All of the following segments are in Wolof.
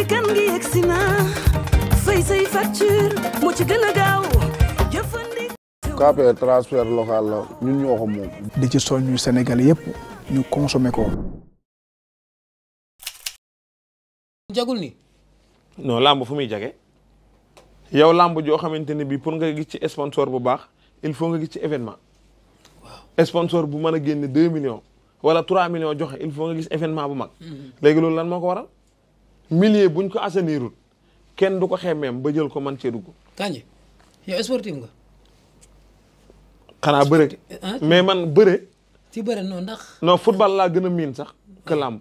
mooy kan e local la ñun ñoo ko di ci soññu Sénégal yëpp ñu consommé ni non làmb fu muy jage yow làmb joo xamante ne bii pour nga gis ci sponsor bu baax il faut nga gis ci événement waaw sponsor bu man a génne deux millions wala trois millions joxe il faut nga gis événement bu mag mm-hmm. léegi loolu lan moo ko waral milieu buñ ko assainirul kenn du ko xemmeem ba jël ko man cee dugg. Kandji yow sportif nga. xanaa bëre. mais man bëre. ci bëre noon ndax. non football laa gën a miin sax que làmb.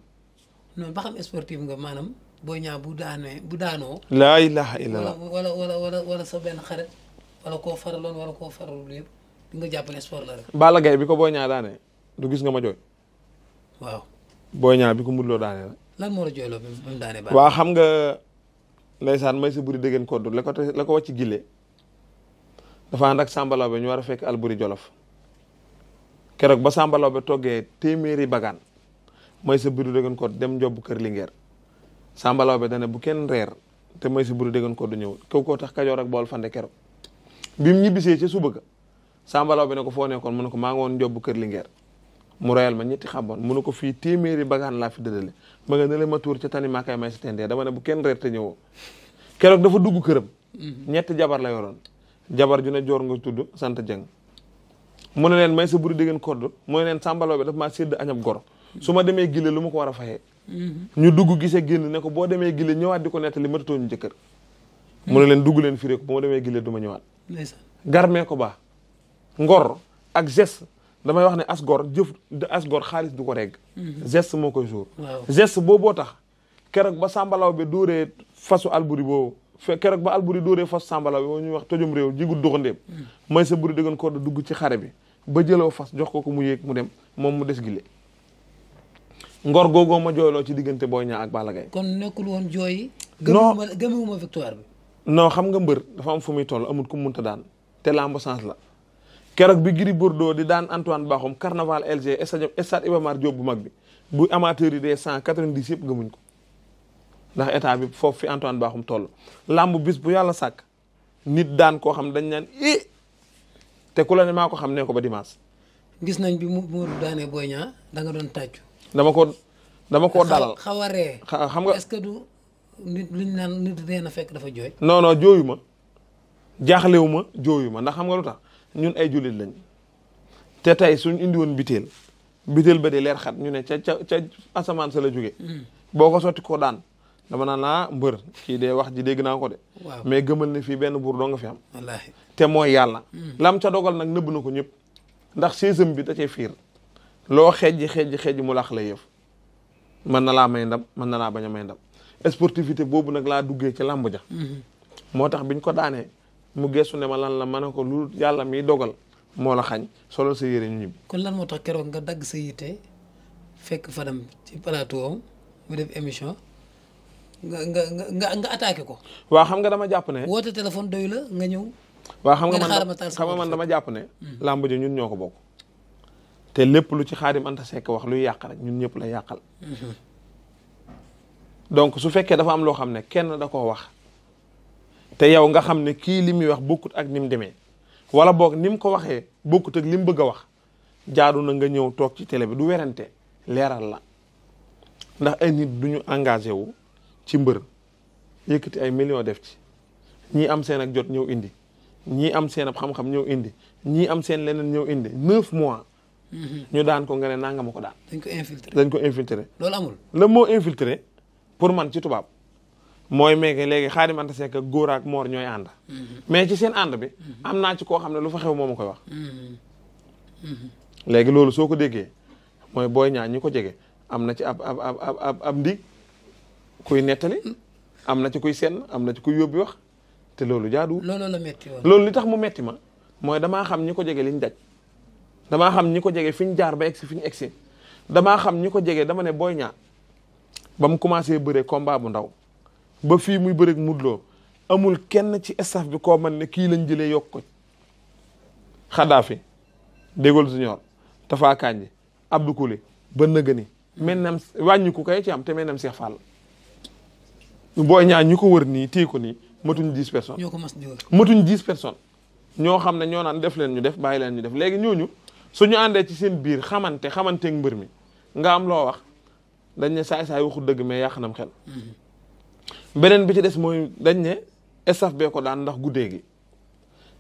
non ba xam sportif nga maanaam boo ñaaw bu daanee bu daanoo. laa ilaha illallah wala wala wala wala sa benn xarit wala koo faraloon wala koo faralul yëpp di nga jàpp sport la rek. Balla Gaye bi ko boo ñaaw daanee du gis nga ma jooy. waaw boo ñaaw bi ko mudloo daanee lan moo la jooyloo bi mu daane xam nga ndeysaan may sa buri dëggeen koddu la ko la ko wàcc gille dafa ànd ak sàmbalaw bi ñu war a fekk alburi jolof keroog ba sàmbalaw bi toggee téeméeri bagaan may sa buri dëggeen koddu dem njobb kër lingeer sàmbalaw bi dane bu kenn reer te may sa buri dëggeen koddu ñëw kaw koo tax kajoor ak bool fande keroog bi mu ñibbisee ca suba ga sàmbalaw bi ne ko foo nekkoon mu ne ko maa ngi woon njobb kër lingeer mu royal ma ñetti xaboon mu ne ko fii téeméeri bagaan laa fi dëdale ma nga ne la ma tuur ca tani maakay may si tendee dama ne bu dafa dugg këram mhm. ñetti jabar la yoroon jabar ju ne joor nga tudd sant jeng mu ne leen may sa buri déggeen kodd mu ne leen sàmbaloo bi dafa maa sedd añab goro su ma demee gile lu ma ko war a fayee mhm. ñu dugg gise génn ne ko boo demee gile ñëwaat di ko nettali matatoo ñu jëkkër mu ne leen dugg leen firé ko bu ma demee gile du ma ñëwaat garmee ko baax ngor ak geste damay wax ne asgor jëf asgor xaalis du ko regg mhm. geste moo koy jour geste booboo tax keroog ba sàmbalaw bi dóoree fasu alburi boobu fe keroog ba alburi dooree fasu sàmbalaw bi boo ñuy wax tojum réew jigul doxandéem mhm. may sa buri dëggan ko dugg ci xare bi ba jëloo fas jox ko ko mu yéeg mu dem moom mu des gile ngor googoo ma jooyloo ci diggante Boy Niang ak Balla Gaye kon nekkul woon jooy non gëmewuma victoire bi non xam nga mbër dafa am fu muy toll amul ku munta daan te lamb la keroog bi Gris Bordeaux di daan Antoine Bakhoum carnaval LG stade Iba Mar Diop bu mag bi bu amateur yi cent quatre-vingt-dix yëpp gëmuñ ko ndax état bi foofu fi Antoine Bakhoum toll. làmb bis bu yàlla sàkk nit daan koo xam dañ naan i te ku la ne maa xam ne ko ba dimanche. gis nañ bi mu mu daanee Boy Niang da nga doon tàccu. dama ko dama koo dalal xaw a ree xam nga est-ce que du nit lu ñu naan nit fekk dafa jooy. non non jooyu ma jaaxlewu ma jooyu ma ndax xam nga lu tax. ñun ay jullit lañ te tey suñ indi woon biteel biteel ba di leer xat ñu ne ca ca ca asamaan sa la jóge hmm. boo ko sotti ko daan dama na laa ah, mbër kii dee wax ji dégg naa ko de mais gëmal ne fii benn buur doo nga fi te mooy yàlla hmm. lam ca dogal nag nëbb na ko ñëpp ndax saisam bi da cee fiir loo xejji xejji xejji mu lax la yëf mën na laa may ndam mën na laa bañ a may ndam sportivité boobu nag laa duggee ci làmb ja hmm. moo tax biñ ko daanee mu gestu ne ma lan la mën a ko lu yàlla miy dogal moo la xañ solo sa yére ñu ñibbi. kon lan moo tax keroog nga dagg sa yite fekk Fadam ci plateau am mu def émission nga nga nga nga ko. waaw xam nga dama jàpp ne. woote téléphone doy la nga ñëw. waaw xam nga man xam nga man dama jàpp ne. Hmm. làmb ñun ñoo ko bokk. te lépp lu ci Xaadim Anta Seck wax luy yàq rek ñun ñëpp la yàqal. Hmm. donc su fekkee dafa am loo xam ne kenn da koo wax. te yow nga xam ne kii li muy wax bokkut ak ni mu demee wala boog ni mu ko waxee bokkut ak li mu bëgg a wax jaadu na nga ñëw toog ci télé bi du werante leeral la ndax ay nit du ñu engagé wu ci mbër yëkkati ay millions def ci ñii am seen ak jot ñëw indi ñii am seen ab xam-xam ñëw indi ñii am seen leneen ñëw indi neuf mois. Mhm. ñu daan ko nga ne nangama ko daan. dañ ko infiltrer dañ ko infiltrer. loolu amul. le mot infiltrer pour man ci tubaab. mooy meeke léegi Xaadim Anta Seck ak góor ak moor ñooy ànd mm-hmm. mais ci seen ànd bi mm-hmm. am naa ci koo xam ne lu fa xew moom a koy wax mm-hmm. léegi loolu soo ko déggee mooy booy ñaar ñi ko jege am na ci ab ab ab kuy nettali am na ci kuy senn am na ci kuy yóbbi wax te loolu jaaduwul loolu la metti woon loolu li tax mu metti ma mooy damaa xam ñi ko jege liñ daj damaa xam ñi ko jege fi ñu jaar ba egsi fi ñu egsi damaa xam ñi ko jege dama ne booy ñaar ba mu commencé bëree combat bu ndaw ba fii muy bëreeg mudloo amul kenn ci staff bi koo man ne kii lañ jëlee yokk ko Xadaafi Dégol Junior Tafa Kandji Abdou Koulé ba nëgëni maintenant wàññi ku kay ci am te maintenant Cheikh Fall boo ñaan ñu ko wër nii tiiko nii matuñ dix person ñoo ko mas di wër matuñ dix personnes. ñoo xam ne ñoo naan def leen ñu def bàyyi leen ñu def léegi ñooñu suñu àndee ci seen biir xamante xamanteeg mbër mi nga am loo wax dañ ne saay saay waxu dëgg mais yàq nam xel. Mm-hmm. beneen bi ci des mooy dañ ne staff bee ko daan ndax guddee gi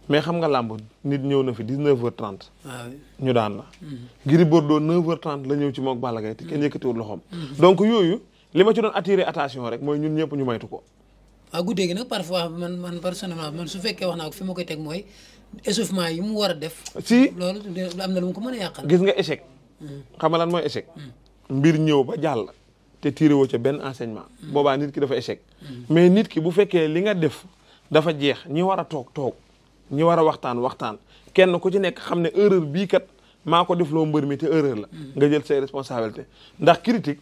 mais xam nga làmb nit ñëw na fi 19h30. Ah. ñu daan la. Mm-hmm. Gris Bordeaux 9h30 la ñëw ci moog Balla Gaye te kenn mm-hmm. yëkkatiwul loxoom. Mm-hmm. donc yooyu li ma ci doon attirer attention rek mooy ñun ñëpp ñu maytu ko. waaw ah, guddee gi nag parfois man man personnellement man su fekkee wax naa ko fi ma koy teg mooy échauffement yi mu war a def. si loolu am na lu mu ko mën a yàqal. gis nga échec. Mm. xam nga lan mooy échec. Mm. mbir ñëw ba jàll. te tiré woo ca benn enseignement. boobaa nit ki dafa échec. mais nit ki bu fekkee li nga def dafa jeex ñi war a toog toog ñi war a waxtaan waxtaan kenn ku ci nekk xam ne erreur bii kat maa ko def loo mbër mi te erreur la. Mm-hmm. nga jël say responsabilité ndax critique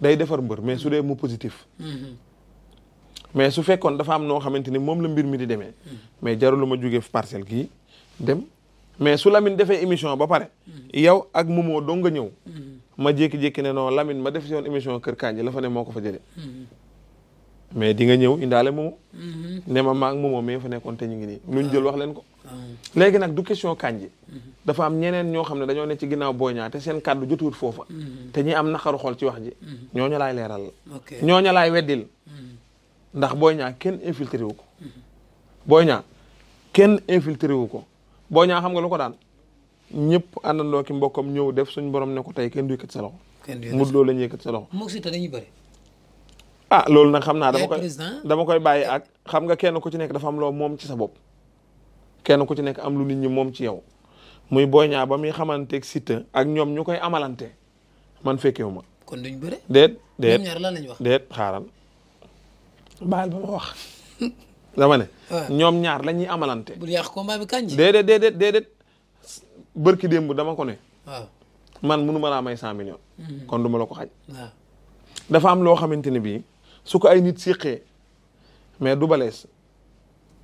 day defar mbër mais su dee mu positif. Mm-hmm. mais su fekkoon dafa am noo xamante ni moom la mbir mi di demee. Mm-hmm. mais jarul ma jógee parcelle gii dem mais su Lamine defee émission ba pare. yow ak Momo dong nga ñëw. ma jékki ne non Lamine ma def si woon émission Kër Kànji la fa ne moo ko fa jëlee. Mm-hmm. mais di nga ñëw indaale Momo. Mm-hmm. ne ma maag Momo mais fa nekkoon te ñu ngi nii ñu jël wax leen ko. Ah. léegi nag du question Kànji. Mm-hmm. dafa am ñeneen ñoo xam ne dañoo ne ci ginnaaw Boy Niang te seen kàddu jotuwut foofa. te ñi am naqaru xol ci wax ji. ñooñu laay leeral la. ok ñooñu laay weddil. ndax Boy Niang kenn infiltré wu ko. Boy Niang kenn infiltré wu ko Boy Niang xam nga lu ko daan. ñëpp àndandoo ki mbokkam ñëw def suñ borom ne ko tey kenn du yëkkat sa loxo. kenn du yëkkat sa loxo la ñuy yëkkat sa loxo. moog si ah, loolu nag xam naa dama koy dama koy bàyyi ak xam nga kenn ku ci nekk dafa am loo moom ci sa bopp. kenn ku ci nekk am lu nit ñi moom ci yow muy Boy Niang ba muy xamanteeg Siteu ak ñoom ñu koy amalante man fekkewu ma. kon duñ bëre. déet déet ñoom ñaar lan wax. déet xaaral baal ba ma wax. dama ne. ñoom ñaar la ñuy amalante. bul yàq combat bi bërki démb dama ko ne. waaw man munu ma laa may cent millions. Mm-hmm. kon du ma la ko xaj. dafa am loo xamante ne bii su ko ay nit séqee mais du balees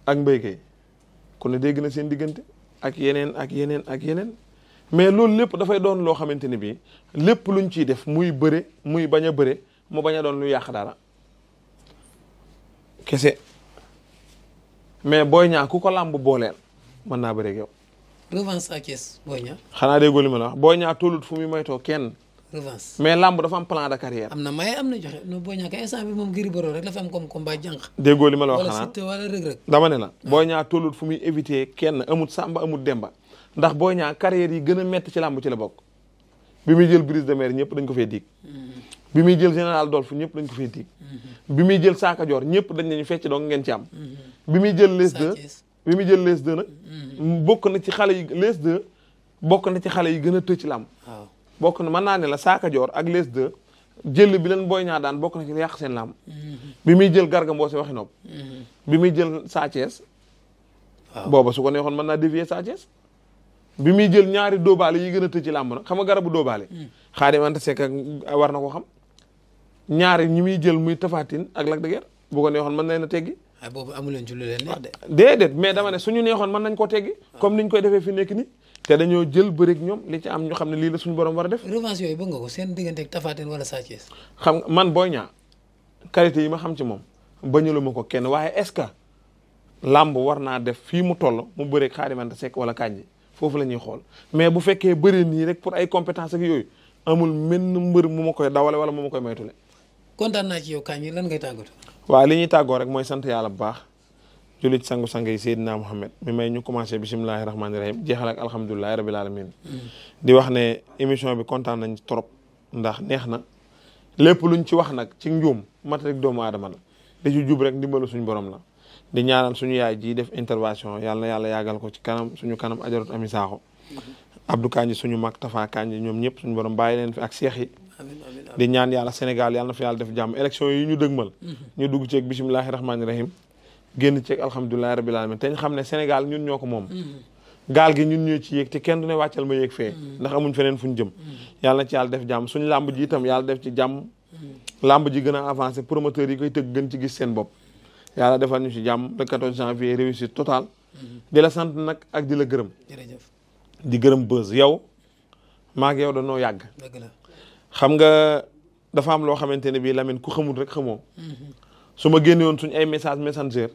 ak mbéykay ku ne dégg na seen diggante ak yeneen ak yeneen ak yeneen mais loolu lépp dafay doon loo xamante ne bii lépp luñ ciy def muy bëre muy bañ a bëre mu bañ a doon lu yàq dara kese mais booy ñaa ku ko làmb booleel mën naa bëreeg yow. revanche Sa Thiès Boy Niang. xanaa déggoo li ma la wax Boy Niang tollut fu muy moytoo kenn. revanche mais lamb dafa am plan de carrière. am na maye am na joxe no Boy Niang kay instant bi moom Gris Bordeaux rek dafa am comme combat jànq. déggoo li ma la ah. muy kenn amut Samba amut Demba ndax Boy Niang carrière yi gën a métti ci lamb ci la bokk bi muy jël brise de mer ñëpp dañ ko fee dig. Mm-hmm. bi muy jël général Dolph ñëpp dañ ko fee dig. Mm-hmm. bi muy jël Sakajor ñëpp dañ nañu fecc doo ngeen ci am. Mm-hmm. bi muy jël les deux bi mu jël les deux nag. Mm. bokk na ci xale yi les bokk na ci xale yi gën a tëj ci làmb. bokk na mën naa ne la saaka joor ak les deux jël bi leen booy ñaa daan bokk na ci yàq seen làmb. Mm-hmm. bi muy jël garga mboose waxi nopp. Mm-hmm. bi muy jël Sa booba su ko neexoon mën naa dévier Sa bi muy jël ñaari doobaale yi gën a tëj ci làmb na xam nga garabu doobaale. Mm. Xaadim Anta Seck ak war na ko xam. ñaari ñi muy jël muy Tapha ak Lac de Guiers bu ko neexoon mën na leen a teggi. ay ah, boobu amu leen ci leen mais dama ne ñu neexoon mën nañ koo teggi comme niñ koy defee fi nekk ni te dañoo jël bëri ak ñoom li ci am ñu xam ne lii la suñu borom war a def. revanche yooyu bëgg nga ko seen diggante ak Tapha Sa Thiès. xam nga man booy Niang qualité yi ma xam ci moom bañaluma ko kenn waaye est-ce que làmb war naa def fii mu toll mu bëri ak Khadim Anta Seck wala Kandji foofu la ñuy xool mais bu fekkee bëri nii rek pour ay compétence ak yooyu amul menn mbër mu ma koy dawale wala mu ma koy maytule. kontaan naa ci yow Kandji lan ngay waaye li ñuy tàggoo rek mooy sant yàlla bu baax jullit sangu-sang yi Seydina Mohamed mi may ñu commencé bisimilahi rahmaani rahim jeexal ak alhamdulilahi rabil alamin di wax ne émission bi kontaan nañ trop ndax neex na lépp luñ ci wax nag ci njuum mat rek doomu aadama la di ci jub rek ndimbalu suñu borom la di ñaanal suñu yaay ji def intervention yàlla na yàlla yàggal ko ci kanam suñu kanam ajarut ami saaxo mm-hmm. Abdou Kanji suñu mag Tafa ñoom ñëpp suñu borom bàyyi leen fi ak seex yi di ñaan yàlla Sénégal yàlla na fa yàlla def jàmm élection yi ñu dëgmal mhm. ñu dugg ceeg bisimilahi rahmaani rahim génn ceeg alhamdulilahi rabil alamin te ñu xam ne Sénégal ñun ñoo ko moom mhm. gaal gi ñun ñoo ci yéeg ci kenn du ne wàccal ma yéeg fee mhm. ndax amuñ feneen fu ñu jëm yàlla na ci yàlla def jàmm suñ làmb ji itam yàlla def ci jàmm làmb ji gën a avancé promoteurs yi koy tëgg gën ci gis seen bopp yàlla defal ñu ci jàmm le 14 janvier réussite totale di la sant nag ak di la gërëm di gërëm bës yow maa ngi yow danoo yàgg xam nga dafa am loo xamante ne bii Lamine ku xamul rek xamoo. su ma génne woon suñ ay message messenger.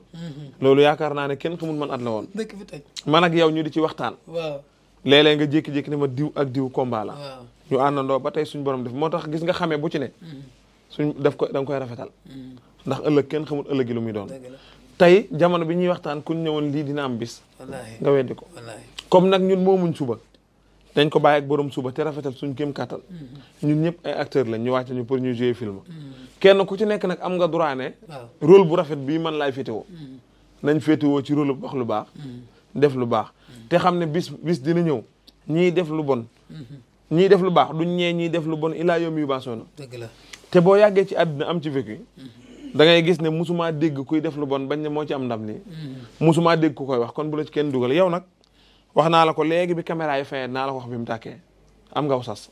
loolu yaakaar naa ne kenn xamul man at la woon. dëkk fi tey yow ñu di ci waxtaan. waaw léeg nga jékki-jékki ne ma diw ak diw combat la. ñu àndandoo ba tey suñ borom def moo tax gis nga xamee bu ci ne. suñ def ko da koy rafetal. ndax ëllëg kenn xamul ëllëg yi lu doon. tey jamono bi ñuy waxtaan kuñ ñëwoon lii dina am bis. nga weddi ko comme nag ñun moomuñ suba. dañ ko bàyyi ak borom suba te rafetal suñ kéem kàttan mm-hmm. ñun ñëpp ay acteur lañ ñu wàcce ñu pour ñu jouer film mm-hmm. kenn ku ci nekk nag am nga droit ne rôle bu rafet bii man laay féetewoo mm-hmm. nañ féetewoo ci role bu wax lu baax def lu baax te xam ne bis bis dina ñëw ñii def lu bon ñii def lu baax duñ ñee ñii def lu bon ilaa yoom yu baasoo la te boo yàggee ci àddina am ci vécu da ngay gis ne musumaa dégg kuy def lu bon bañ ne moo ci am ndam nii musumaa dégg ku koy wax kon bu kenn dugal yow nag wax naa la ko léegi bi caméra yi fayee naa la ko wax bi mu tàkkee am nga sas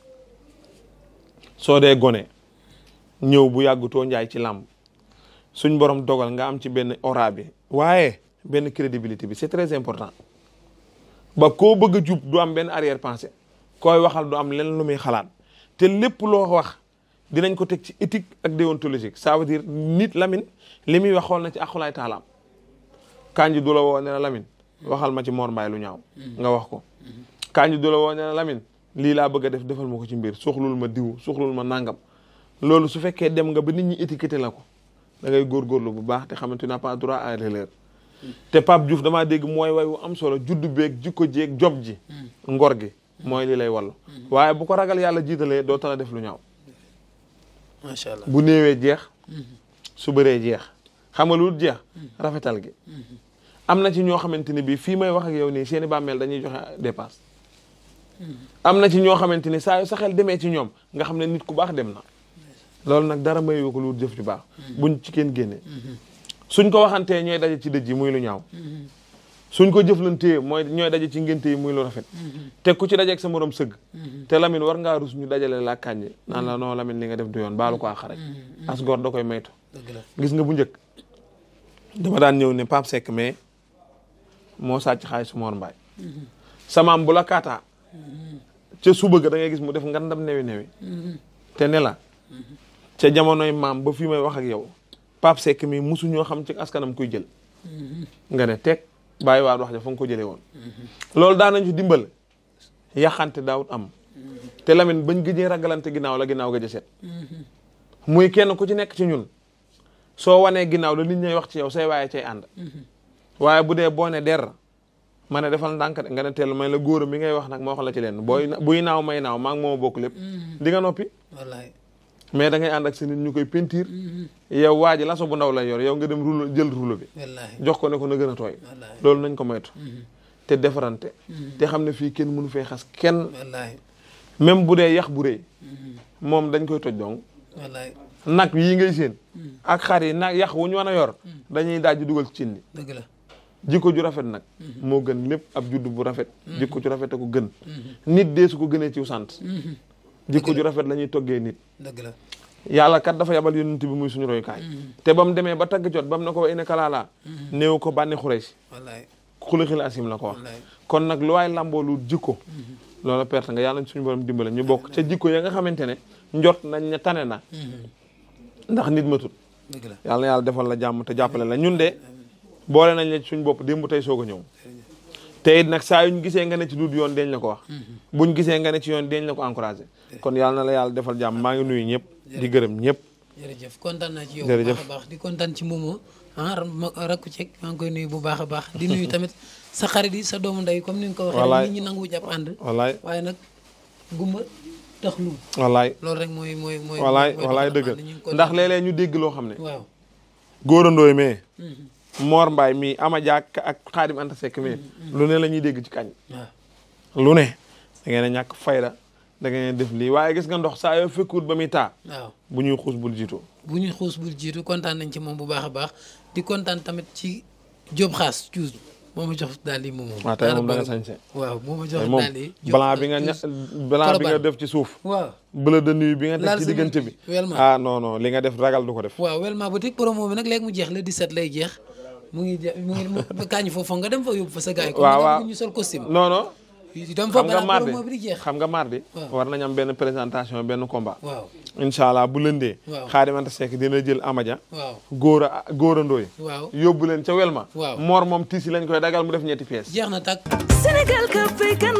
soo dee gone ñëw bu yàggutoo njaay ci làmb suñ borom dogal nga am ci benn aura waaye benn crédibilité bi c'est très important ba koo bëgg jub du am benn arrière pensée koy waxal du am len lu muy xalaat te lépp loo wax dinañ ko teg ci éthique ak déontologique ça veut dire nit Lamine li muy wax xool na ci akulaay taalaam kanji du la woo ne la Lamine waxal ma ci Mor Mbaye lu ñaaw mm-hmm. nga wax ko mm-hmm. kaañu du la woo ne la Lamine lii laa bëgg a def defal ma ko ci mbir soxlul ma diw soxlul ma nangam loolu su fekkee dem nga ba nit ñi étiqueté la ko da ngay góorgóorlu bu baax te xamante n'a pas droit à l'erreur mm-hmm. te Pape Diouf damaa dégg mooy way wu am solo juddu beeg jikko jeeg job ji ngor gi mooy li lay wallu waaye bu ko ragal yàlla jiitalee doo a def lu ñaaw macha allah bu néewee jeex su bëree jeex xam nga lu jeex rafetal gi am na ci ñoo xamante ni bii fii may wax ak yow nii seeni bàmmeel dañuy joxe dépasse am na ci ñoo xamante ni saa sa xel demee ci ñoom nga xam ne nit ku baax dem na loolu nag dara mayoo ko lu jëf ju baax buñ ci kenn génnee suñ ko waxantee ñooy daje ci dëj yi muy lu ñaaw suñ ko jëflantee mooy ñooy daje ci ngénte yi muy lu rafet te ku ci dajeeg sa morom sëgg te Lamine war ngaa rus ñu dajale laa kànje naan la noo Lamine li nga def du yoon baalu ko xaraj as góor da koy maytu gis nga bu njëkk dama daan ñëw ne pap Seck mais moo sàcc xaalisu Mor mbaay samaam bu la ca suba ga da gis mu def dam newi newi te ne la ca jamonoy maam ba fi may wax ak yow Pape Seck mi musu xam ci askanam kuy jël nga ne teg baay waat wax ja fa ko jëlee woon loolu daan nañ ci dimbal yaxante daawut am te Lamine bañ gëjee ragalante ginnaaw la ginnaaw gëj a set muy kenn ku ci nekk ci ñun soo wanee ginnaaw la nit ñay wax ci yow say waaye cay ànd waaye bu dee boo ne der ma ne defal ndànk nga ne teel may la góoram mi ngay wax nag ma wax la ci leen booy buy naaw may naaw maa ngi mooma bokk lépp mm-hmm. di nga noppi wallaay mais da ngay ànd ak si ñu koy pentiir mm-hmm. yow waa ji laso bu ndaw lay yor yow nga dem rulo jël rulo bi jox ko ne ko na gën a tooy loolu nañ ko moytu mm-hmm. te defarante te xam ne fii kenn mënu fay xas kenn même bu dee yax bu rëy moom dañ koy toj dong nag yii ngay séen mm. ak xar yi nag yax wu ñu wan a yor mm. dañuy daaj dugal ci cin li jikko ju rafet nag mhm. moo gën lépp ab juddu bu rafet mhm. jikko ju rafet a ko gën mhm. nit dee su ko gënee ci sant jikko ju rafet la ñuy toggee nit dëgg yàlla kat dafa yabal yonent bi muy suñu roy royukaay te ba mu demee ba tagg jot bam mu ne ko wa ine kalaalaa néew ko bànni xurees wallaay xulaxil sim la ko wax kon nag lu waay lamboo lu jikko loola perte nga yàlla suñu borom dimbale ñu bokk ca jikko ya nga xamante ne njot nañ ne tane na ndax nit matut yàlla yàlla defal la jàmm te boole nañ la ci suñ bopp démb tey soog a ñëw te it nag saa yuñ gisee nga ne ci duud yoon deñ la ko wax mhm. buñ gisee nga ne ci yoon deñ la ko encouragé kon yàlla na la yàlla defal jàmm maa ngi nuyu ñëpp di gërëm ñëpp jërëjëf kontaan naa ci yow bu baax a baax di kontaan ci moomu ah rakku ceeg maa ngi koy nuyu bu baax a baax di nuyu tamit sa xarit yi sa doomu ndey comme ni nga ko waxee nit ñi nangu jàpp ànd wallaay waaye nag gumba tax lu wallaay loolu rek mooy mooy mooy wallaay wallaay dëgg ndax léeg ñu dégg loo xam ne waaw góorandooy mais Mor mbaay mii Ama Diak ak Xaadim Anta sekk mii lu ne la ñuy dégg ci kañ. lu ne da ngeen a ñàkk fayda da ngeen def lii waaye gis nga ndox saa yoo fekkuut ba muy taa. waaw bu ñuy xuus bul jiitu. bu ñuy xuus bul jiitu kontaan nañ ci moom bu baax a baax di kontaan tamit ci Diop xaas cuus moo ma jox daal di moom. waaw ah, tey moom da nga sañse. waaw moo ma jox bi nga ña blanc bi nga def ci suuf. waaw bleu de bi nga def ci diggante bi. ah non non li nga def ragal du ko def. waaw Wélma boutique promo bi nag léegi mu jeex di 17 lay jeex. mu ngi mu ngi kañ foofu nga dem fa yóbbu waaw waaw ñu sol costume. non non. dem fa balaa bi di xam nga mardi war nañ am benn présentation benn combat. waaw allah bu lëndee. waaw xaadimante sekk dina jël amaja. waaw góor a góor ndooy. yóbbu leen ca welma. waaw moor moom tiisi lañ koy dagal mu def ñetti pièces. jeex na tàkk. Sénégal ka fay kan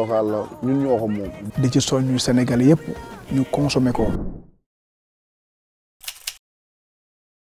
local la ñun ñoo moom. di ci soññu Sénégal yëpp. ñu consommer ko.